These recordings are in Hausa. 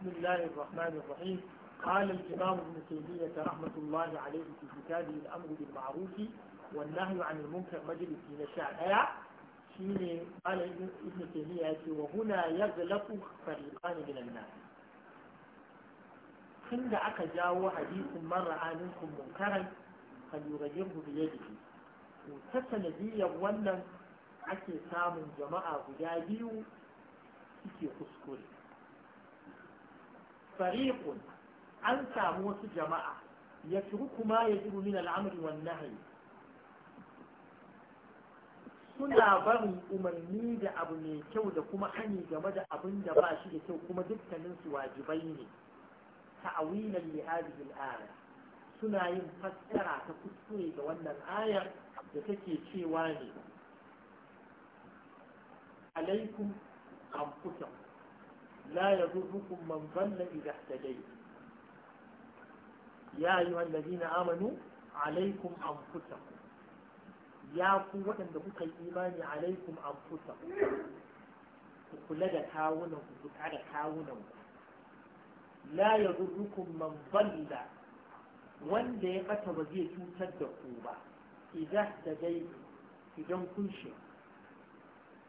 بسم الله الرحمن الرحيم قال الإمام ابن تيمية رحمة الله عليه في كتابه الأمر بالمعروف والنهي عن المنكر مجلس من الشعب شيني قال ابن تيمية وهنا يغلط فريقان من الناس tun da aka jawo hadisin mara aminkum munkaran falyughayyirhu bi yadihi to ta sanadiyar wannan ake samun jama'a guda biyu suke kuskure fariƙun an samu wasu jama'a ya turku kuma ya jiru min al'amri wan nahyi suna barin umarni da abu mai kyau da kuma hani game da abin da ba shi da kyau kuma dukkanin su wajibai ne ta'awilan li hadhihi al suna yin fassara ta kuskure ga wannan ayar da take cewa ne alaikum anfusakum لا يضركم من ضل إذا اهتديتم يا أيها الذين آمنوا عليكم أنفسكم يا قوة لكم الإيمان عليكم أنفسكم كل ده كاونه كتعد كاونه لا يضركم من ضل wanda ya ɓata ba zai cutar da ku ba idan da dai idan kun shi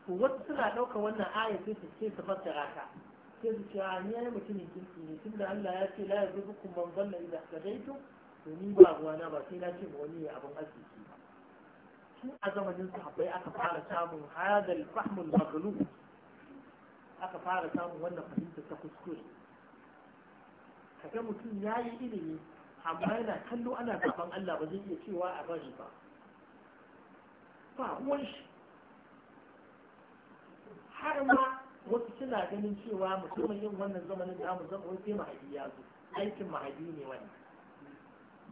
ku wasu suna ɗauka wannan aya sai su ce su fassara ta sai su ce a mutumin kirki ne tunda Allah ya ce la yazurukum man idan ka hadaytum to ni ba ruwana ba sai na ce ma wani abin arziki ba tun a zamanin sahabbai aka fara samun hadal fahmul maghlu aka fara samun wannan fahimta ta kuskure kaga mutum ya yi ilimi amma yana kallo ana gaban Allah ba zai iya cewa a bari ba ba ruwan shi har ma wasu suna ganin cewa mutumin yin wannan zamanin da mu zama sai mahadi ya zo aikin mahadi ne wani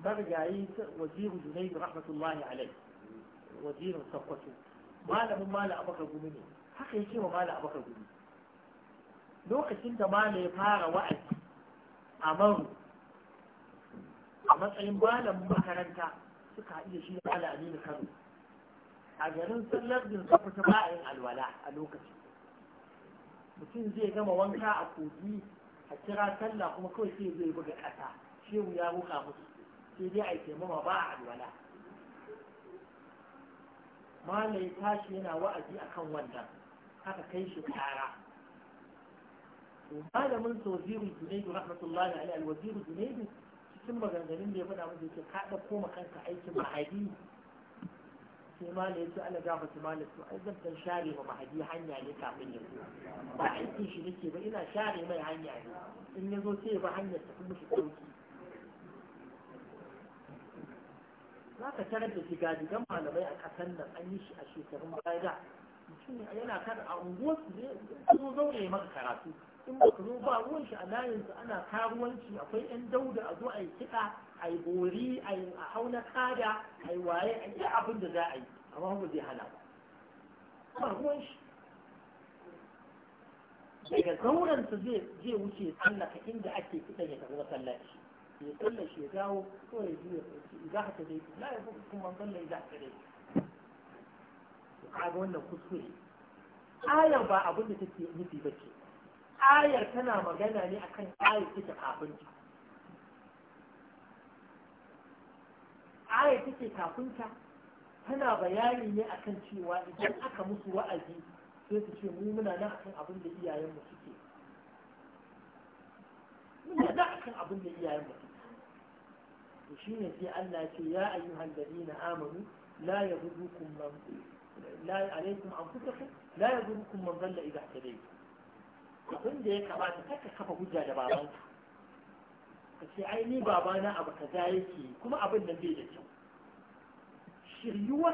marigayi waziru junaidu rahmatullahi alai wazirin Sakkwato. malamin mala abakar gumi ne haka ya ce wa mala abakar gumi lokacin da mala ya fara wa'azi a maru a matsayin malamin makaranta suka haɗu da shi da mala aminu kano a garin sallar din sakwato ba a yin alwala a lokacin mutum zai gama wanka a kogi a kira sallah kuma kawai sai zai buga ƙasa shehu ya ruka musu sai dai a ke taimama ba a alwala malai tashi yana wa'azi akan wannan haka kai shi kara malamin sa waziru junaidu rahmatullahi alaihi alwaziru junaidu cikin maganganun da ya faɗa mun yake ka ɗauko ma kanka aikin mahadi sai ma ya yace Allah gafa su malam to ai zan dan share ma mahadi hanya ne kafin ya zo ba aikin shi nake ba ina share mai hanya ne in ya zo sai ba hanyar ta kuma shi dauki za ka tarar da jigajigan malamai a ƙasar nan an yi shi a shekarun baya mutum yana kada a su ne zo zaune maka karatu in ba ku zo ba ruwan shi a layin su ana karuwanci akwai yan dauda a zo a yi kiɗa a yi bori a yi a hauna kada a yi waye a yi abin da za a yi amma ba zai hana ba ba ruwan shi daga zauren su zai wuce tsallaka inda ake kiɗan ya tafi masallaci ya tsallace ya dawo zai ya juya ya za ka ta dai na ya fi kuma sallah ya za ka dai kaga wannan kuskure ayar ba abin da take nufi ba ce ayar tana magana ne akan ayar take kafin ta ayar take kafin ta tana bayani ne akan cewa idan aka musu wa'azi sai su ce mu muna nan akan abin da mu suke muna nan akan abin da iyayen mu suke to shine sai Allah ya ce ya ayyuhal ladina amanu la yaghdukum man لا عليكم أنفسكم لا يضركم من ضل إذا اهتديتم abin da ya kamata kaka kafa hujja da babanka ka ce ai ni babana abu kaza yake kuma abin nan bai da kyau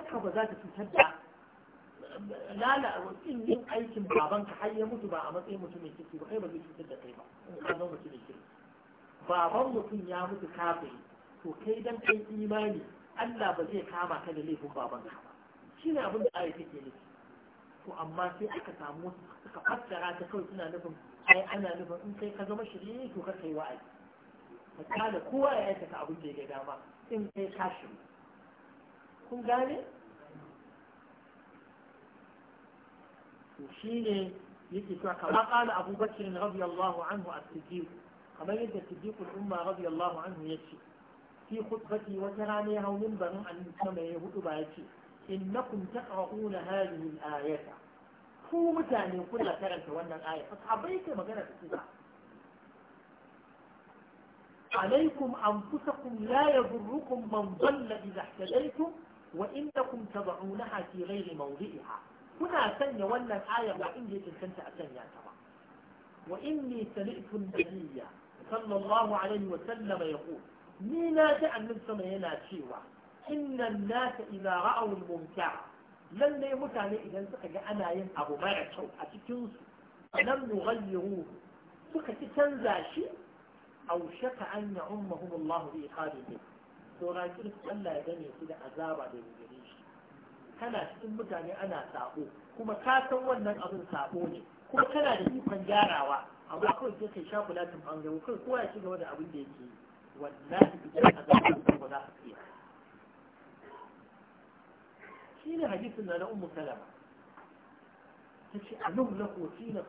ka ba za ta cutar da lala in yin aikin babanka har ya mutu ba a matsayin mai kirki ba kai ba zai cutar da kai ba in ka zama mai kirki baban mutum ya mutu kafin to kai dan kai imani Allah ba zai kama ka da laifin babanka ba shi ne abin da aya take nufi to amma sai aka samu wasu suka fassara ta kawai suna nufin ai ana nufin in kai ka zama shirye to ka kai wa'azi ka kada kowa ya aikata abin da ya ga dama in kai ka shirye kun gane to shi ne yake cewa kama kala Abu Bakr radiyallahu anhu as-Siddiq kamar yadda Siddiq al-Umma radiyallahu anhu yace fi khutbati wata rana ya hau minbarin annabi sama ya hudu ba yace innakum taqra'una hadhihi al-ayata ku mutane kulla karanta wannan aya fa sahabbai magana da su alaykum anfusakum la yadhurrukum man dalla idha ihtadaytum wa innakum tad'unaha fi ghayri mawdi'iha kuna sanya wannan aya ba in je tantance a sanya ta ba wa inni sami'tu an-nabiyya sallallahu alaihi wa sallam yaqul ni na ta annabi sama yana cewa innan nasa ina ra'awul mumta lallai mutane idan suka ga ana yin abu mara kyau a cikin su lam yughayyiru suka ci canza shi aw shaka an ya'ummahum Allah bi iqabihi to rakin Allah ya gane su da azaba da gare shi kana cikin mutane ana sabo kuma ka san wannan abin sabo ne kuma kana da ikon gyarawa amma kawai sai kai shafu latin bangare kawai kowa ya ci gaba da abin da yake wallahi idan azaba ba za ka tsira shi ne hadisin na na ummu salama ta ce a nuhu na koci na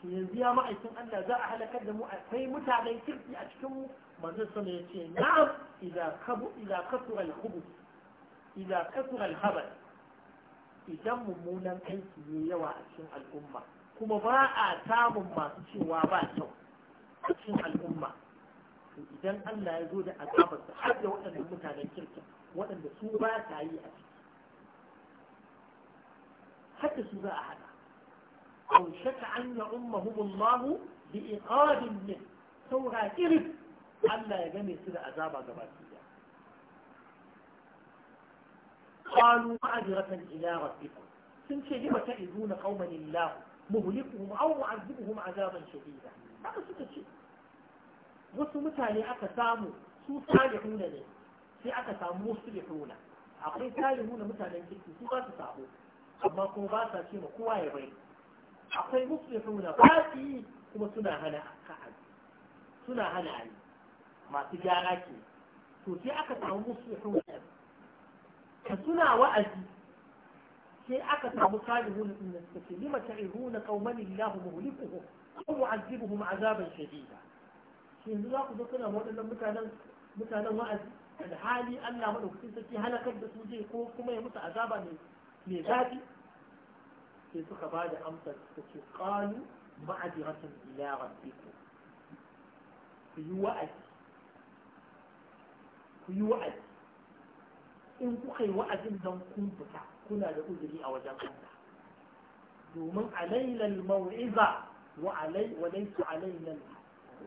shi yanzu ya ma'aikin Allah za a halakar da mu akwai mutanen kirki a cikin mu manzo sama ya ce na'am idza kabu idza al-khubuth idza kasura al-khabath idan mummunan aiki ne yawa a cikin al'umma kuma ba a samun masu cewa ba kyau a cikin al'umma idan Allah ya zo da azabarsa har da waɗannan mutanen kirkin waɗanda su ba ta yi a ciki hatta su za a haɗa أو شك أن يعمهم الله بإيقاد منه saura irin Allah ya game su da azaba gaba ɗaya. Qalu ma'ajratan ila rabbikum sun ce lima ta'izuna qauman illah muhlikuhum aw mu'azibuhum azaban shadida haka suka ce wasu mutane aka samu su salihuna ne sai aka samu wasu musulihuna akwai salihuna mutanen kirki su ba su sabo amma kuma ba sa ce ma kowa ya bai akwai musulihuna ba su yi kuma suna hana ka'ad suna hana ayi masu gyara ke to sai aka samu wasu musulihuna ka suna wa'azi sai aka samu salihuna din nan suka ce lima ta'iruna qauman illahu muhlikuhum aw mu'azzibuhum azaban shadida shin yanzu za ku zo kana waɗannan mutanen mutanen wa'azi alhali Allah maɗaukacin sarki halakar da su zai ko kuma ya musu azaba mai zafi sai suka ba da amsa suka ce qalu ma'adiratan ila rabbikum ku yi wa'azi ku yi wa'azi in kuka yi wa'azin don kun fita kuna da uzuri a wajen Allah domin alailal mau'iza wa alai wa laysa alailal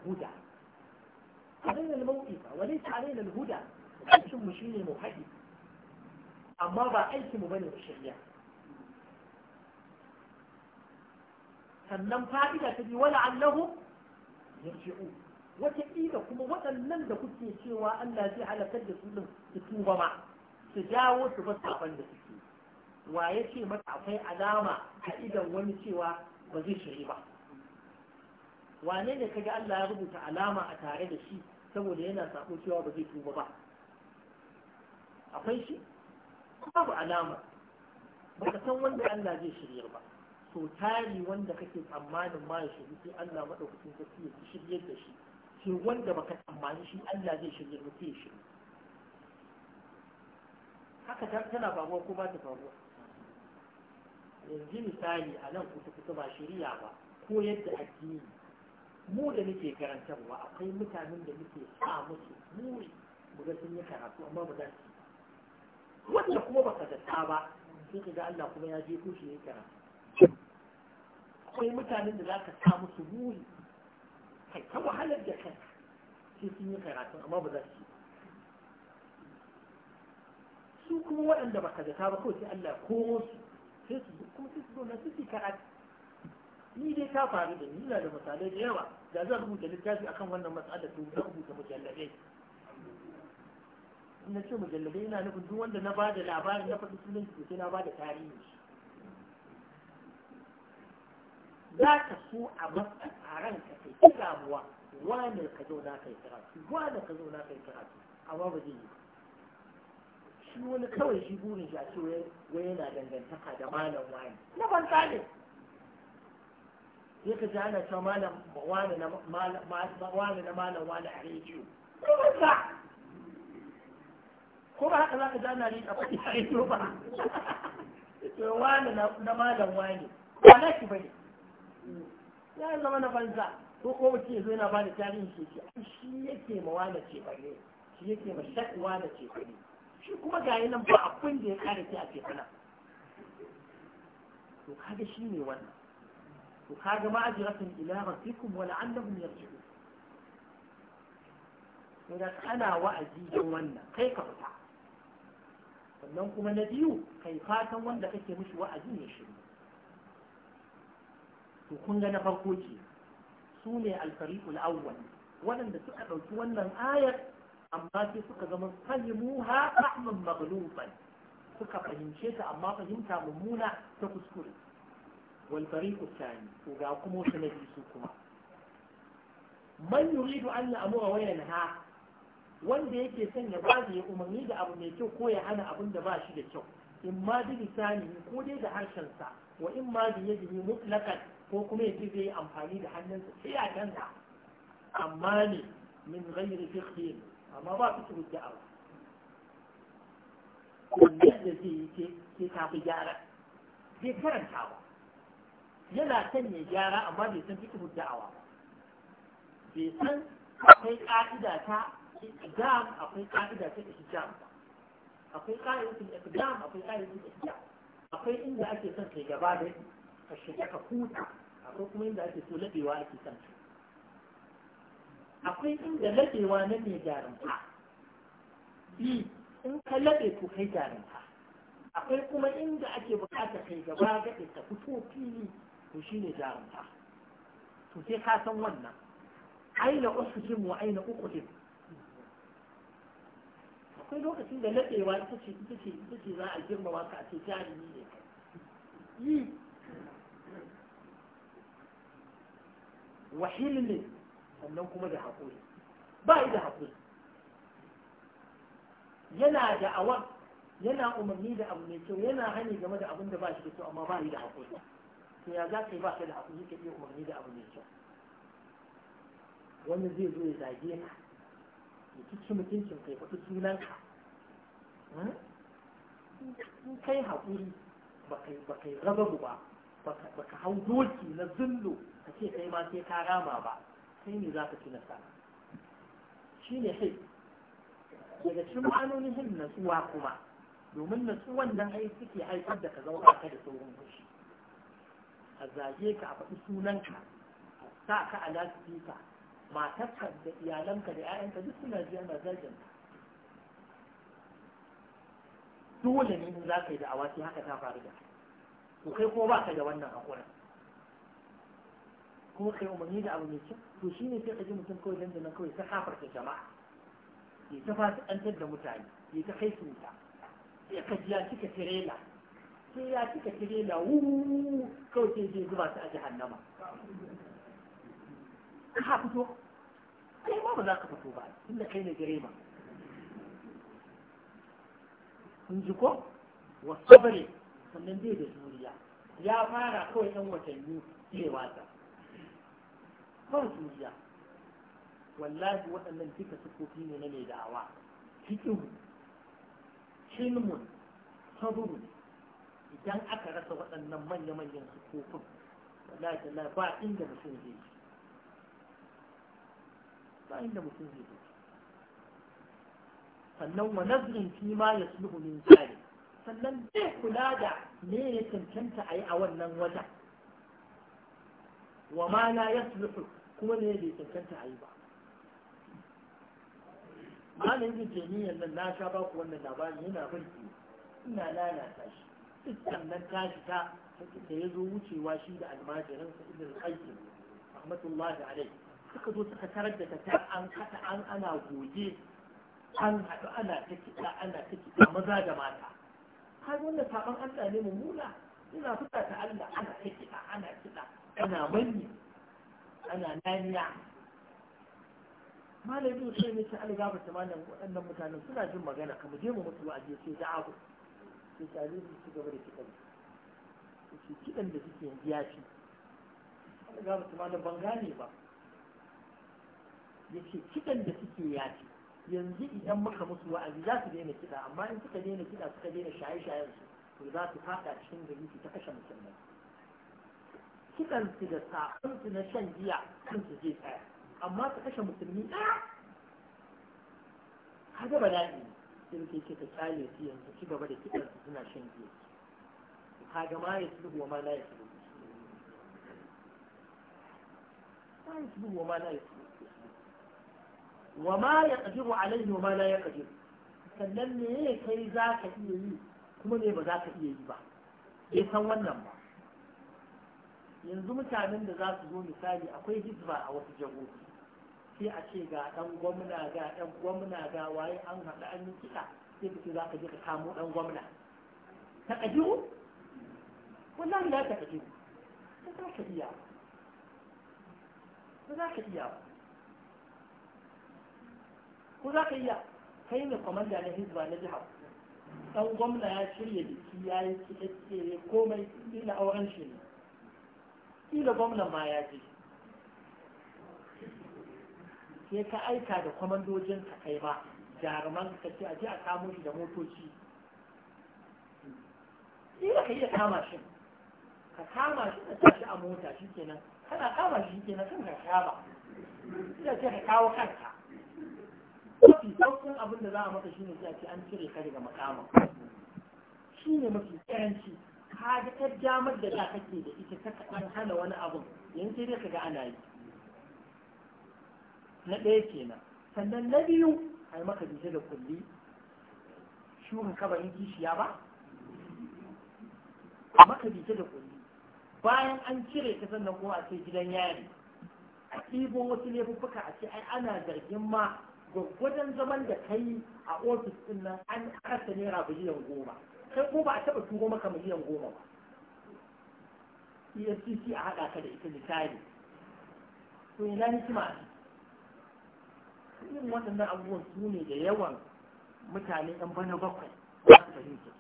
huda alailal mau'iza wa laysa alailal huda aikin mu shine mu haɗi amma ba aikinmu ba ne mu shirya sannan fa'ida ta bi wani allahu yarji'u wata ƙila kuma waɗannan da kuke cewa Allah zai halakar da su ɗin su tuba ma su dawo su ba saban da suke wa ya ce mata akwai alama a idan wani cewa ba zai shiri ba wane ne kaga Allah ya rubuta alama a tare da shi saboda yana sako cewa ba zai tuba ba akwai shi babu alama ba ka san wanda Allah zai shirya ba to tari wanda kake tsammanin ma ya shirya sai Allah madaukakin sarki ya shirya da shi sai wanda baka tsammani shi Allah zai shirya ba sai ya shirya haka tana faruwa ko ba ta faruwa yanzu misali a nan kusa kusa ba shirya ba ko yadda addini mu da muke karantarwa akwai mutanen da muke sa musu muri mu ga sun yi karatu amma ba za su wanda kuma baka zata ba sai ka ga Allah kuma ya je kushi ya kira akwai mutanen da zaka sa musu buri kai ta wahalar da kai sai sun yi karatu amma ba za su yi su kuma waɗanda baka zata ba kawai sai Allah ko su sai su kuma sai su zo na su karatu ni dai ta faru da ni ina da misalai da yawa da zan rubuta littafi akan wannan matsalar to zan rubuta mujallabai na ce mujalladai yana nufin duk wanda na bada labarin na faɗi sunan shi sai na bada tarihi za ka so a masa a ranka kai ta damuwa wanda ka zo na kai karatu wani ka zo na kai karatu amma ba zai yi shi wani kawai shi burin shi a ce wai yana dangantaka da malam wani na banza ne sai ka ji ana cewa malam wani na malam wani a rediyo na banza ko ba haka za ka zana ne a faɗi a ido ba to wani na malam wani ba na shi bane ya zama na banza ko ko mutum ya zo yana bada tarihin shi shi shi yake ma wani ce ne? shi yake ma shak wani ce ne? shi kuma ga yi nan ba abin da ya kare ki a ce bana to kaga shi ne wannan to kaga ma'ajiratun ila rabbikum wa la'allahum yarji'un to da kana wa'azi don wannan kai ka fita sannan kuma na biyu kai fatan wanda kake mishi wa'azi ya shiru to kun ga na farko ce su ne alfariqul awwal waɗanda suka ɗauki wannan ayar amma sai suka zama kalmuha rahman maghluban suka fahimce ta amma fahimta mummuna ta kuskure wal fariqu thani to ga kuma wata na biyu su kuma man yuridu an ya'mura wa wanda yake son ya ba da ya umarni da abu mai kyau ko ya hana abin da ba shi da kyau in ma bi lisani ko dai da harshensa wa in ma bi yadihi mutlaqan ko kuma yace zai amfani da hannunsa sai ya danda. amma ne min ghairi fiqhi amma ba su tuki abu wannan da zai yi ke tafi gyara bai karanta ba yana son ya gyara amma bai san fiqhi da'awa ba bai san akwai ka'ida ta iqdam akwai ka'ida ta iqdam akwai ka'idatul iqdam akwai ka'idatul iqdam akwai inda ake son kai gaba da ka shiga ka huta akwai kuma inda ake so labewa ake son akwai inda labewa na ne jarumta bi in ka labe to kai jarumta akwai kuma inda ake bukata kai gaba da ta fito fili to shi ne jarumta to sai ka san wannan aina usujin wa aina ukulim akwai lokacin da naɗewa ita ce ita ce ita ce za a girmama ka a ce jarumi ne yi wahil ne sannan kuma da haƙuri ba da haƙuri yana da awan yana umarni da abu mai kyau yana hani game da abin da ba shi da kyau amma ba da haƙuri to ya za ka yi ba ka da haƙuri ka iya umarni da abu mai kyau wani zai zo ya zage ka ya ci mutuncin kai faɗi sunanka hmm? in kai haƙuri ba kai raba ba ba ka hau doki na zullo ka ce kai ma sai ka rama ba sai ne za ka ci nasara shi ne hai daga cikin ma'anonin hin natsuwa kuma domin natsuwan nan ai suke haifar da ka zauna ka da saurin kushi. a zage ka a faɗi sunanka sa ka a lasifika matarka da iyalanka da 'ya'yanka duk suna ji ana zargin dole ne in za ka yi da awaki haka ta faru da Ku kai ko ba ka da wannan hakurin kuma kai umarni da abu mai kyau to shi ne sai ka ji mutum kawai dandanan kawai ta kafarta jama'a ya ta fasikantar da mutane ya ta kai su wuta? ka ji ya cika tirela sai ya cika tirela wuuu kawai sai zai zuba su a jahannama ka fito kai ma ba za ka fito ba tunda kai ne direba kun ji ko wa sabari sannan bai da juriya ya fara kawai ɗan watanni zai wasa kawai juriya wallahi waɗannan duka sufofi ne na mai da'awa fikihu ilmun saburu idan aka rasa waɗannan manya-manyan sufofin wallahi ba inda mutum zai yi ba inda mutum zai je sannan wa nazrin fi ma yasluhu min zalik sannan zai kula da me ya cancanta a yi a wannan wajen wa ma la yasluhu kuma ne bai cancanta a yi ba malam ibn jamiyyar nan na sha baku wannan labarin yana barki ina lalata shi iskan nan tashi ta da ya zo wucewa shi da almajiransa ibn al-qayyim rahmatullahi alaihi suka zo suka tarar da ta an kata an ana goge an haɗu ana ta kiɗa ana ta kiɗa maza da mata har wannan saban Allah ne mummuna ina fuka ta Allah ana ta kiɗa ana kiɗa ana manni ana naniya malai zuwa sai ne ta alga ba ta malam waɗannan mutanen suna jin magana kamar je mu mutu ba sai da abu sai tare su ci gaba da kiɗan su kiɗan da suke yanzu ya ci ba ta malam ban gane ba Yace kiɗan da suke ya yanzu idan muka musu wa'azi za su daina kiɗa amma in suka daina kiɗa suka daina shaye-shayen su to za su faɗa cikin gari su ta kashe musulmai kiɗan su da sakon su na shan giya kan su je tsaya amma su kashe musulmi ɗaya ka gaba daɗi ne sai ke ta kyale su yanzu ci gaba da kiɗan su suna shan giya kaga ma ya sulhu wa ma la ya sulhu ma ya sulhu wa ma la ya sulhu wa ma ya ƙadiru alaihi wa ma na ya ƙadiru sannan me ne kai za ka iya yi kuma me ba za ka iya yi ba bai san wannan ba yanzu mutanen da za su zo misali akwai hizba a wasu jagogi sai a ce ga ɗan gwamna ga ɗan gwamna ga waye an haɗa an yi kiɗa sai ka ce za ka je ka kamo ɗan gwamna ta ƙadiru wallahi za ta ƙadiru ba za ka iya ba za ka iya ba ko za ka iya kai ne kwamanda na hizba na jihar ɗan gwamna ya shirya biki ya yi kiɗe komai ila auren shi ne ila gwamnan ma ya je sai ka aika da kwamandojin ka kai ba jaruman ka ce a je a kamo shi da motoci ila ka iya kama shi ka kama shi da tashi a mota shi kenan kana kama shi kenan kan ka sha ba ila ce ka kawo kanka mafi sauƙin abin da za a maka shi ne ce an cire ka daga makamin shi ne mafi ƙaranci ka ga ta damar da za kake da ita ta kaɗan hana wani abin yanzu dai ka ga ana yi na ɗaya kenan sannan na biyu a yi maka jita da kulli shuka kabarin kishiya ba a maka jita da kulli bayan an cire ka sannan kuma a ce gidan yari a ɗibo wasu laifuffuka a ce ai ana zargin ma gwaggwajen zaman da kai a ofis din nan an kasa naira biliyan goma sai ko ba a taɓa turo maka miliyan goma ba efcc a haɗa ka da ita misali to ina hikima a irin waɗannan abubuwan su ne da yawan mutane ɗan bana bakwai ba su fahimta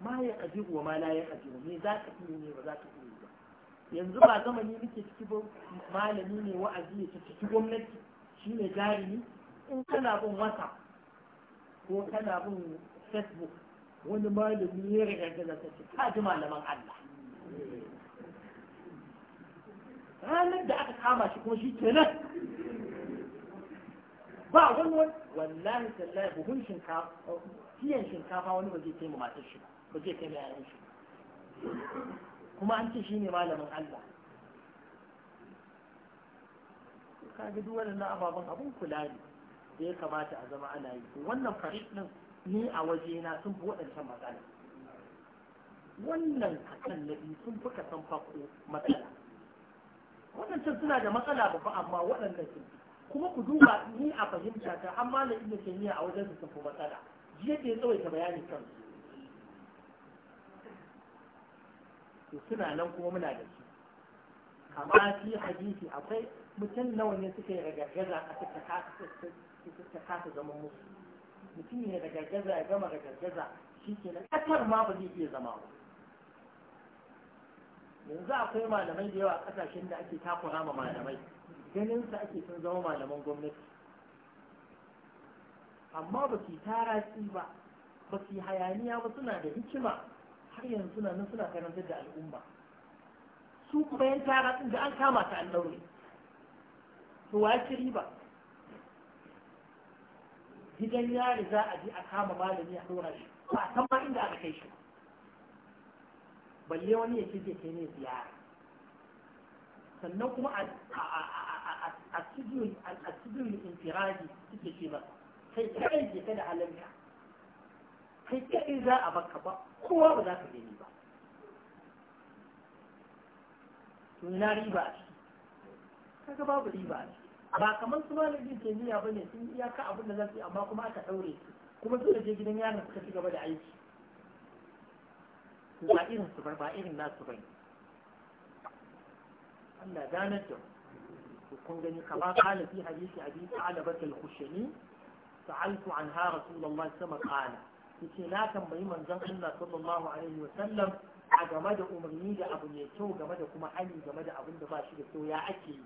ma ya ƙadiru wa ma la ya ƙadiru ne za ka iya ne ba za ka iya yanzu ba ni muke ciki ba malami ne wa'azi ya ciki gwamnati shi ne jarumi in kana bin wata ko kana bin facebook wani malami ya riga da ta ce ka ji malaman Allah ranar da aka kama shi kuma shi kenan ba wani wani wallahi tallahi buhun shinkafa eh, tiyan shinkafa wani ba zai kai mu matar shi ba ba zai kai yaran shi kuma an ce shi ne malamin Allah ka ga duk wannan ababen abun kula ne da ya kamata a zama ana yi wannan farid din ni a waje na sun fi waɗancan matsala wannan kasan na biyu sun fi kasan fako matsala waɗancan suna da matsala babba amma waɗannan sun fi kuma ku duba ni a fahimta ta amma na ke ni a wajen sun fi matsala jiya ke ya tsawaita bayani kansu to suna nan kuma muna da su amma shi hadisi akwai mutum nawa ne suka yi ragargaza a suka kasa zama musu mutum ne ragargaza ya gama ragargaza shi ke na ƙasar ma ba zai iya zama ba yanzu akwai malamai da yawa ƙasashen da ake takura ma malamai ganin su ake sun zama malaman gwamnati amma ba su yi ba ba su yi hayaniya ba suna da hikima har yanzu na nan suna karantar da al'umma su kuma yan tara din da an kama ta an daure to wa ci riba gidan yari za a je a kama malami a dora shi ba san ma inda aka kai shi balle wani ya ce zai kai ne ziyara sannan kuma a cikin infiradi suke ce ba kai kai ke da halalta حتى إذا أبقى هو ولا تدين با ناري باش يكون باب ري باش با كمان سما لدي تيني أبني تيني يا كا أبو نزل في أبا كم أك توري كم تقول تيجي نيا نفسك تيجي بعد عيش يكون سبعين بعير الناس سبعين أنا دانته وكون جني خلا قال في حديث عديد على بس الخشني سألت عنها رسول الله صلى الله عليه وسلم قال ce na tambayi manzon Allah sallallahu alaihi wa sallam a game da umarni da abu mai kyau game da kuma hali game da abin da ba shi da kyau ya ake yi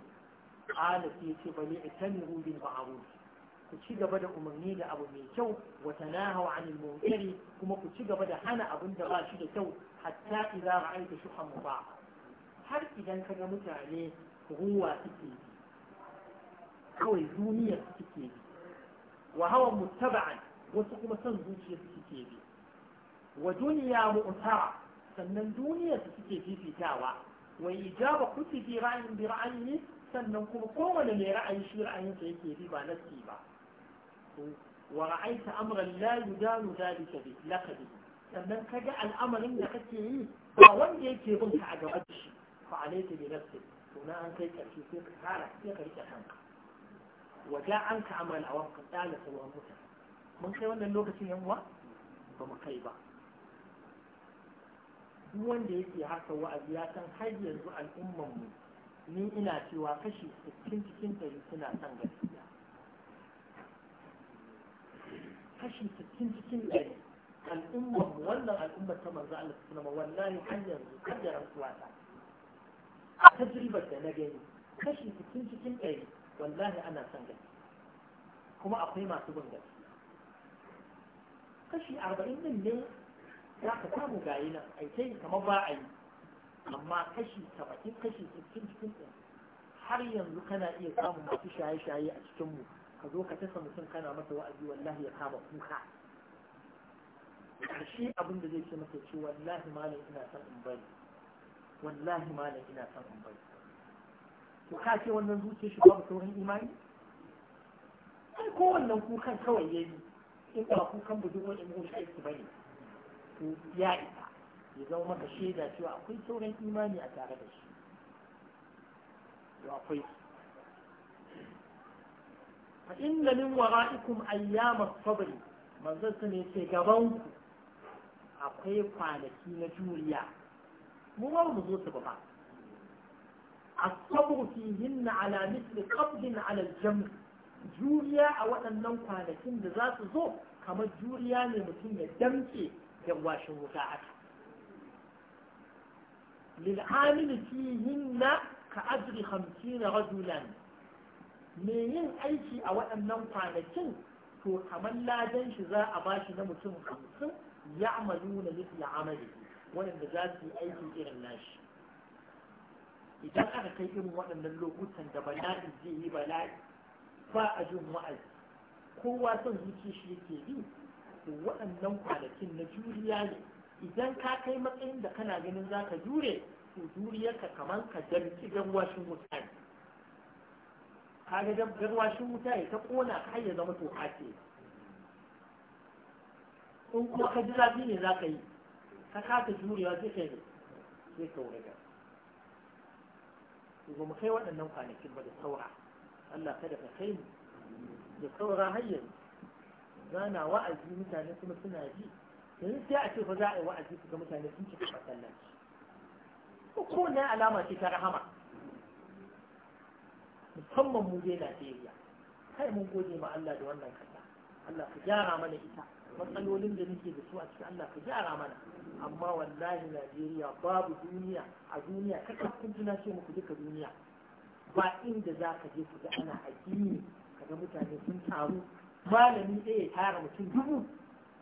qala sai yace bali itamiru bil ma'ruf ku ci gaba da umarni da abu mai kyau wa tanahu anil munkari kuma ku ci gaba da hana abin da ba shi da kyau hatta idza ra'aita shuhan mubah har idan kaga mutane ruwa suke yi kawai duniyar suke yi wa hawan muttaba'an wasu kuma son zuciya su suke bi wa duniya mu'tara sannan duniyar su suke fifitawa wa ijaba kulli fi ra'yin bi ra'ayi sannan kuma kowane mai ra'ayi shi ra'ayin ra'ayinsa yake bi ba nasi ba wa ra'aita amran la yudanu dalika bi laqabi sannan kaga al'amarin da kake yi ba wanda yake bin ka a gaban shi fa alayka bi nafsi to na an kai karshe sai ka kara sai ka rike kanka wajen an ka amran awan ka dala sauran mutane mun kai wannan lokacin yanwa ba mu kai ba duk wanda yake haka wa'azi ya san har yanzu al'umman mu ni ina cewa kashi 60 cikin 100 suna san gaskiya kashi 60 cikin 100 al'umman mu wannan al'ummar ta manzo Allah sallama wallahi har yanzu kajaran suwata ta tajribar da na gani kashi 60 cikin 100 wallahi ana san gaskiya kuma akwai masu bin gaskiya kashi arba'in din ne za ka samu gayi nan aikai kamar ba a yi amma kashi saba'in kashi sittin cikin ɗin har yanzu kana iya samun masu shaye-shaye a cikinmu ka zo ka tasa mutum kana masa wa'azi wallahi ya kama kuka ƙarshe abin da zai ce masa ce wallahi ma ina son in bari wallahi malam ina son in bari to ka ce wannan zuciyar shi babu sauran imani ai ko wannan kukan kawai yayi in ba kukan budurwar in mun aiki bane to ya isa ya zama maka shaida cewa akwai sauran imani a tare da shi to akwai fa inna min wara'ikum ayyama sabri manzon sun yace gaban ku akwai kwanaki na juriya mu ma mu zo su ba الصبر فيهن على مثل قبض على الجمر جوليا أو أن ننقى لكن ذات ظهر kamar juriya ne mutum ya damke washin wuta haka lil'amil fihinna ka ajri hamsin rajulan me yin aiki a waɗannan kwanakin to kamar ladan shi za a bashi na mutum hamsin ya amalu na misla amali waɗanda za su yi aiki irin nashi idan aka kai irin waɗannan lokutan da bala'i zai yi bala'i ba a jin wa'azi kowa son zuci shi yake bi to waɗannan kwanakin na juriya ne idan ka kai matsayin da kana ganin za ka jure to juriya ka kamar ka damci garwashin wuta ne ka ga garwashin wuta ta kona ka ya zama to ake in kuma ka ji zafi ne za ka yi ka kasa jurewa zai kai ne sai ka wuri ba mu kai waɗannan kwanakin ba da saura Allah kada ka kai mu da saura hanyar rana wa'azi mutane kuma suna ji yanzu sai a ce fa za a yi wa'azi ga mutane sun cika masallaci ko alama ce ta rahama musamman mu dai Najeriya kai mun gode ma Allah da wannan kasa Allah ka gyara mana ita matsalolin da nake da su a cikin Allah ka gyara mana amma wallahi Najeriya babu duniya a duniya kakakun tuna ce muku duka duniya ba inda za ka je ku ga ana addini ga mutane sun taru malami ɗaya ya tara mutum dubu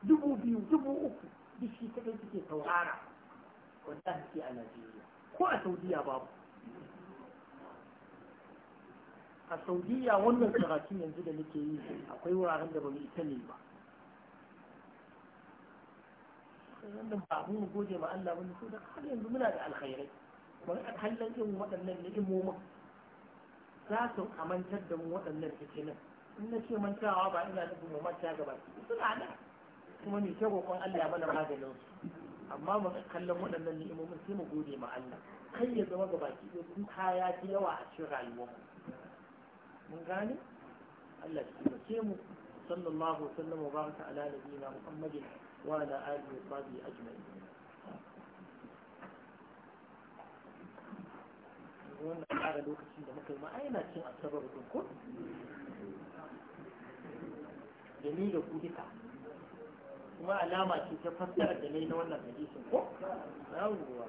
dubu biyu dubu uku duk shi kaɗai suke saurara wanda suke a Najeriya ko a Saudiya babu a Saudiya wannan karatun yanzu da nake yi akwai wuraren da ba mu ita ne ba wannan ba mu gode ma Allah wani sai da har yanzu muna da alkhairai ba a kallon irin waɗannan ni'imomin za su amantar da mu waɗannan nan in na ce mantawa ba ina nufin mu manta gaba suna kuma ni ta roƙon Allah mana maganin su amma mu kallon waɗannan ni'imomin sai mu gode ma Allah kai ya zama gaba ki ɗaya ki kaya ta yawa a cikin rayuwar mu mun gane Allah ya taimake mu sallallahu alaihi wa sallam wa baraka ala nabiyina muhammadin wa ala alihi wa sahbihi ajma'in wannan ƙara lokacin da muka yi ma cin asabar ko da ni da ku kuma alama ce ta fassara da na wannan hadisin ko yawwa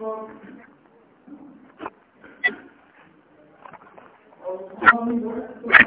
Thank you.